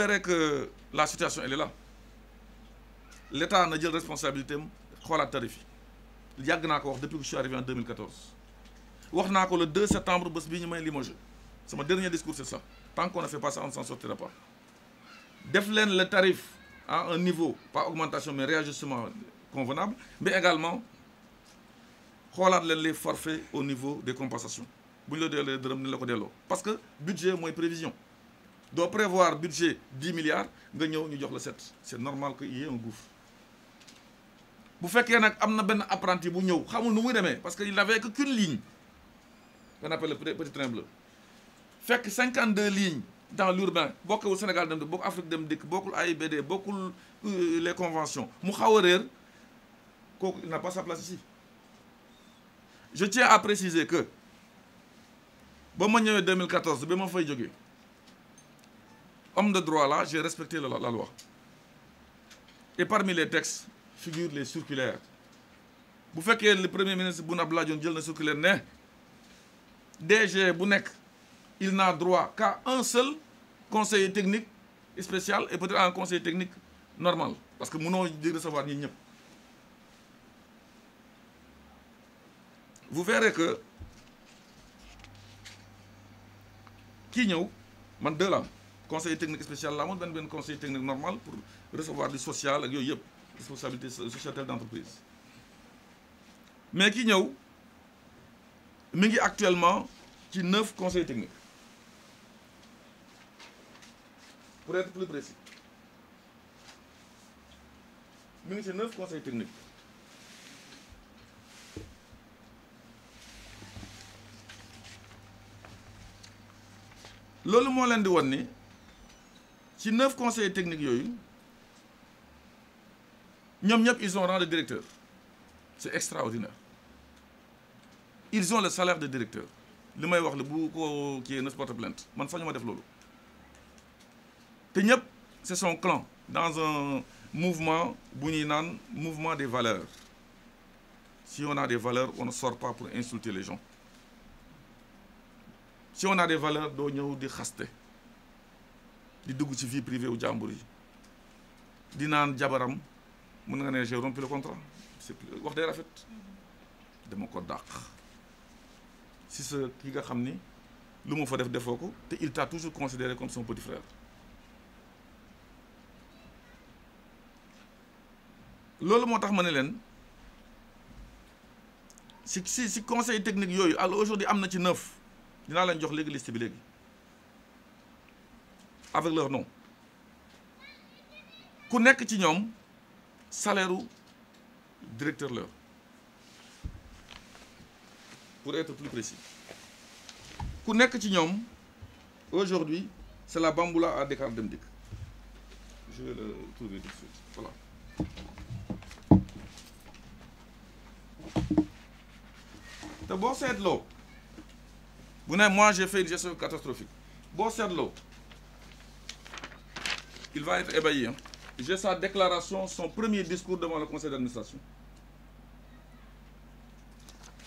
verrez que la situation elle est là l'État na jël responsabilité am xoolaat tarif yi yàgg naa ko wax depuis que je suis arrivé en wax naa ko le 2 septembre bés bi ñu may limogé sama dernier discours c'est ça tant qu'on ne fait pas on ne sortira pas def leen le tarif à un niveau pas augmentation mais réajustement convenable mais également xoolaat leen les forfaits au niveau de compensations bu ñu la delloo dërëm ni la ko delloo parce que budget mooy prévision doo prévoir budget 10 milliards nga ñëw ñu jox la set c'est normal que y ait un gouffre bu fekkee nag am na benn apprenti bu ñëw xamul nu muy demee parce que il n'avait que qu'une ligne qu'on appelle le petit train bleu fekk 52 lignes dans l'urbain bokkul Sénégal dem dikk bokkul Afrique dem dikk bokkul AIBD bokkul euh, les conventions mu xaw a réer kooku il n'a pas sa place ici je tiens à préciser que ba ma ñëwee 2014 ba ma fay jóge homme de droit là j'ai respecté la, la loi et parmi les textes figurent les circulaires bu fekkee le premier ministre Boun Abdallah Dionne jël na circulaire ne DG bu nekk il n'a droit qu'à un seul conseiller technique spécial et peut-être un conseiller technique normal parce que mënoo di recevoir ñi ñëpp vous verrez que kii ñëw man deux am conseil technique spécial la amoon benn benn conseil technique normal pour recevoir du social ak yooyu yëpp responsabilité sociétale d'entreprise mais ki ñëw mi ngi actuellement ci neuf conseils techniques pour être plus précis mi ngi ci neuf conseils techniques loolu moo leen di won ni ci neuf conseillers techniques yooyu ñoom ñëpp ils ont rang de directeur c'est extraordinaire ils ont le salaire de directeur li may wax la bu ko kii na porte plainte man fa ñu ma def loolu te ñëpp c'est son clan dans un mouvement bu ñuy naan mouvement des valeurs si on a des valeurs on ne sort pas pour insulter les gens si on a des valeurs doo ñëw di xaste di dugg ci vie privé wu jàmbur yi di naan jabaram mën nga ne j'ai rompu le contrat wax day rafet dama ko dàq si sa ki nga xam ni lu ma fa def defoo ko te il t'a toujours considéré comme son petit frère loolu moo tax ma ne leen si si si conseil technique yooyu alors aujourd'hui am na ci neuf dinaa leen jox léegi liste bi léegi avec leur nom ku nekk ci ñoom salaire directeur leur pour être plus précis ku nekk ci ñoom aujourd'hui c'est la bamboula à Dakar Dem Dikk je vais te boo seetloo bu ne moi j'ai fait une gestion catastrophique boo seetloo il va être ébahi. Hein. J'ai sa déclaration, son premier discours devant le conseil d'administration.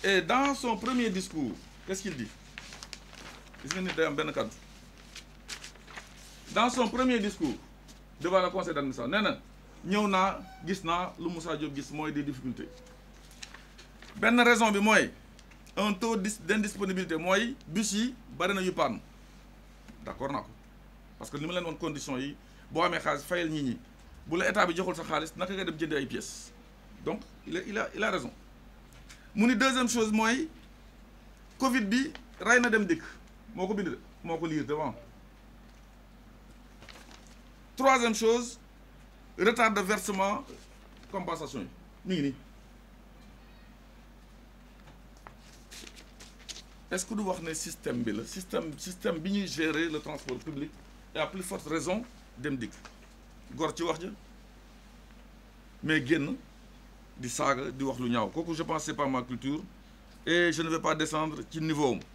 Et dans son premier discours, qu'est-ce qu'il dit Dans son premier discours devant le conseil d'administration, nee na ñëw naa gis naa lu musa Diop gis mooy des difficultés benn raison bi mooy un taux d'indisponibilité mooy bus yi bari na yu panne d'accord naa ko parce que ni ma leen woon conditions yi boo amee xaalis fayal nit ñi bu la état bi joxul sa xaalis naka nga dem jënd ay pièces donc il a il a raison mu ni deuxième chose mooy Covid bi rey na dem dikk moo ko bind moo ko liir devant troisième chose retard de versement compensation yi mi ngi nii est-ce wax ne système bi la système système bi ñuy gérer le transport public et à plus forte raison dem dikk gor ci wax ja mais génn di saaga di wax lu ñaaw kooku je pense c'est pas ma culture et je ne vais pas descendre ci niveau am